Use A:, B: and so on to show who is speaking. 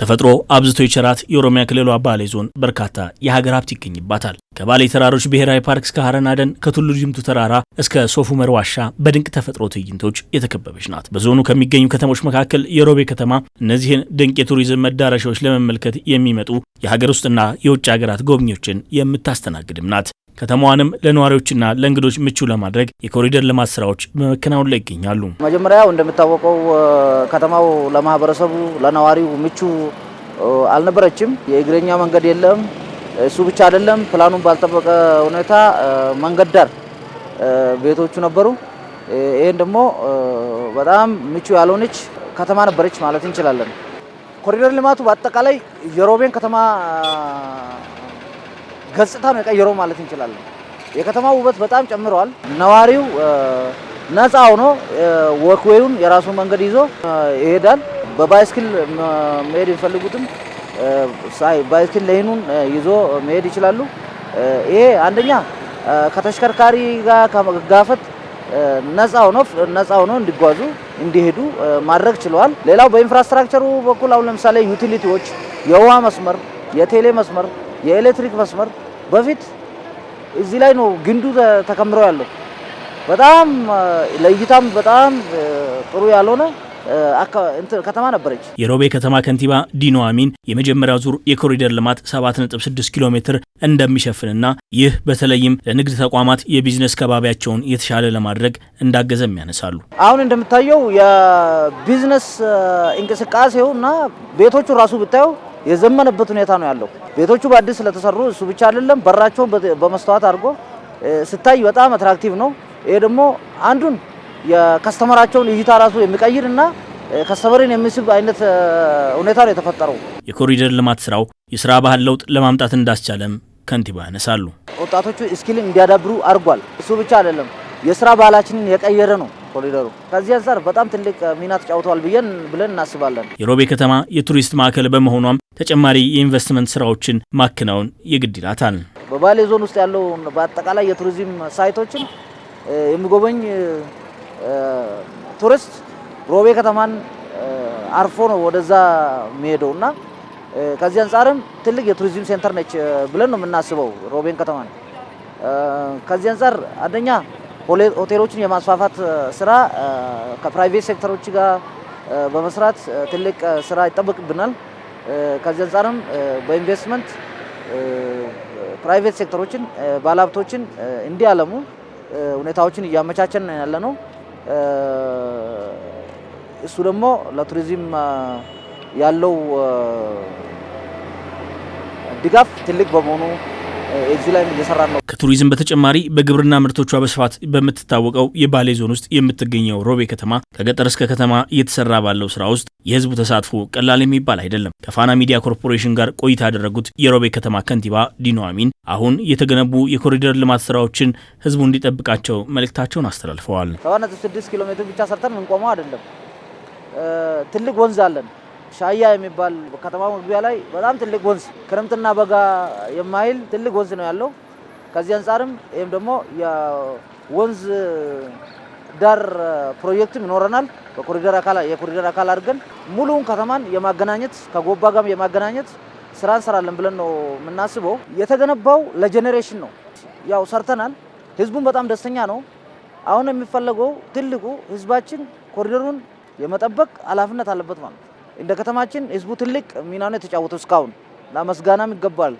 A: ተፈጥሮ አብዝቶ የቸራት የኦሮሚያ ክልሏ ባሌ ዞን በርካታ የሀገር ሀብት ይገኝባታል። ከባሌ ተራሮች ብሔራዊ ፓርክ እስከ ሀረናደን አደን ከቱሉ ዲምቱ ተራራ እስከ ሶፉመር ዋሻ በድንቅ ተፈጥሮ ትዕይንቶች የተከበበች ናት። በዞኑ ከሚገኙ ከተሞች መካከል የሮቤ ከተማ እነዚህን ድንቅ የቱሪዝም መዳረሻዎች ለመመልከት የሚመጡ የሀገር ውስጥና የውጭ ሀገራት ጎብኚዎችን የምታስተናግድም ናት። ከተማዋንም ለነዋሪዎችና ለእንግዶች ምቹ ለማድረግ የኮሪደር ልማት ስራዎች በመከናወን ላይ ይገኛሉ።
B: መጀመሪያው እንደሚታወቀው ከተማው ለማህበረሰቡ ለነዋሪው ምቹ አልነበረችም። የእግረኛ መንገድ የለም። እሱ ብቻ አይደለም፣ ፕላኑን ባልጠበቀ ሁኔታ መንገድ ዳር ቤቶቹ ነበሩ። ይህን ደግሞ በጣም ምቹ ያልሆነች ከተማ ነበረች ማለት እንችላለን። ኮሪደር ልማቱ በአጠቃላይ የሮቤን ከተማ ገጽታ ነው የቀየረው ማለት እንችላለን። የከተማው ውበት በጣም ጨምረዋል። ነዋሪው ነፃ ሆኖ ወክዌውን የራሱን መንገድ ይዞ ይሄዳል። በባይስክል መሄድ የሚፈልጉትም ባይስክል ሌኑን ይዞ መሄድ ይችላሉ። ይሄ አንደኛ ከተሽከርካሪ ጋር ከመጋፈት ነፃ ሆኖ ነፃ ሆኖ እንዲጓዙ እንዲሄዱ ማድረግ ችለዋል። ሌላው በኢንፍራስትራክቸሩ በኩል አሁን ለምሳሌ ዩቲሊቲዎች፣ የውሃ መስመር፣ የቴሌ መስመር የኤሌክትሪክ መስመር በፊት እዚህ ላይ ነው ግንዱ ተከምሮ ያለው። በጣም ለእይታም በጣም ጥሩ ያልሆነ ከተማ ነበረች።
A: የሮቤ ከተማ ከንቲባ ዲኖ አሚን የመጀመሪያ ዙር የኮሪደር ልማት 7.6 ኪሎ ሜትር እንደሚሸፍንና ይህ በተለይም ለንግድ ተቋማት የቢዝነስ ከባቢያቸውን የተሻለ ለማድረግ እንዳገዘም ያነሳሉ።
B: አሁን እንደምታየው የቢዝነስ እንቅስቃሴው እና ቤቶቹ ራሱ ብታየው የዘመነበት ሁኔታ ነው ያለው። ቤቶቹ በአዲስ ስለተሰሩ እሱ ብቻ አይደለም፣ በራቸውን በመስተዋት አድርጎ ስታይ በጣም አትራክቲቭ ነው። ይሄ ደግሞ አንዱን የከስተመራቸውን እይታ ራሱ የሚቀይር እና ከስተመርን የሚስብ አይነት ሁኔታ ነው የተፈጠረው።
A: የኮሪደር ልማት ስራው የስራ ባህል ለውጥ ለማምጣት እንዳስቻለም ከንቲባ ያነሳሉ።
B: ወጣቶቹ ስኪልን እንዲያዳብሩ አድርጓል። እሱ ብቻ አይደለም፣ የስራ ባህላችንን የቀየረ ነው ኮሪደሩ። ከዚህ አንጻር በጣም ትልቅ ሚና ተጫውተዋል ብለን እናስባለን።
A: የሮቤ ከተማ የቱሪስት ማዕከል በመሆኗም ተጨማሪ የኢንቨስትመንት ስራዎችን ማከናወን የግድ ይላታል።
B: በባሌ ዞን ውስጥ ያለው በአጠቃላይ የቱሪዝም ሳይቶችን የሚጎበኝ ቱሪስት ሮቤ ከተማን አርፎ ነው ወደዛ የሚሄደው እና ከዚህ አንጻርም ትልቅ የቱሪዝም ሴንተር ነች ብለን ነው የምናስበው ሮቤን ከተማ ነው። ከዚህ አንጻር አንደኛ ሆቴሎችን የማስፋፋት ስራ ከፕራይቬት ሴክተሮች ጋር በመስራት ትልቅ ስራ ይጠበቅብናል። ከዚህ አንጻርም በኢንቨስትመንት ፕራይቬት ሴክተሮችን ባለሀብቶችን እንዲያለሙ ሁኔታዎችን እያመቻቸን ያለ ነው። እሱ ደግሞ ለቱሪዝም ያለው ድጋፍ ትልቅ በመሆኑ እዚህ ላይ እየሰራ ነው።
A: ከቱሪዝም በተጨማሪ በግብርና ምርቶቿ በስፋት በምትታወቀው የባሌ ዞን ውስጥ የምትገኘው ሮቤ ከተማ ከገጠር እስከ ከተማ እየተሰራ ባለው ስራ ውስጥ የህዝቡ ተሳትፎ ቀላል የሚባል አይደለም። ከፋና ሚዲያ ኮርፖሬሽን ጋር ቆይታ ያደረጉት የሮቤ ከተማ ከንቲባ ዲኖ አሚን አሁን የተገነቡ የኮሪደር ልማት ስራዎችን ህዝቡ እንዲጠብቃቸው መልእክታቸውን አስተላልፈዋል።
B: ሰባ ነጥብ ስድስት ኪሎ ሜትር ብቻ ሰርተን ምንቆመው አይደለም። ትልቅ ወንዝ አለን ሻያ የሚባል ከተማ መግቢያ ላይ በጣም ትልቅ ወንዝ ክረምትና በጋ የማይል ትልቅ ወንዝ ነው ያለው። ከዚህ አንጻርም ይህም ደግሞ የወንዝ ዳር ፕሮጀክትም ይኖረናል። በኮሪደር አካል የኮሪደር አካል አድርገን ሙሉውን ከተማን የማገናኘት ከጎባ ጋር የማገናኘት ስራ እንሰራለን ብለን ነው የምናስበው። የተገነባው ለጄኔሬሽን ነው። ያው ሰርተናል። ህዝቡን በጣም ደስተኛ ነው። አሁን የሚፈለገው ትልቁ ህዝባችን ኮሪደሩን የመጠበቅ ኃላፊነት አለበት ማለት ነው። እንደ ከተማችን ህዝቡ ትልቅ ሚናውን የተጫወተው እስካሁን ለመስጋናም ይገባል።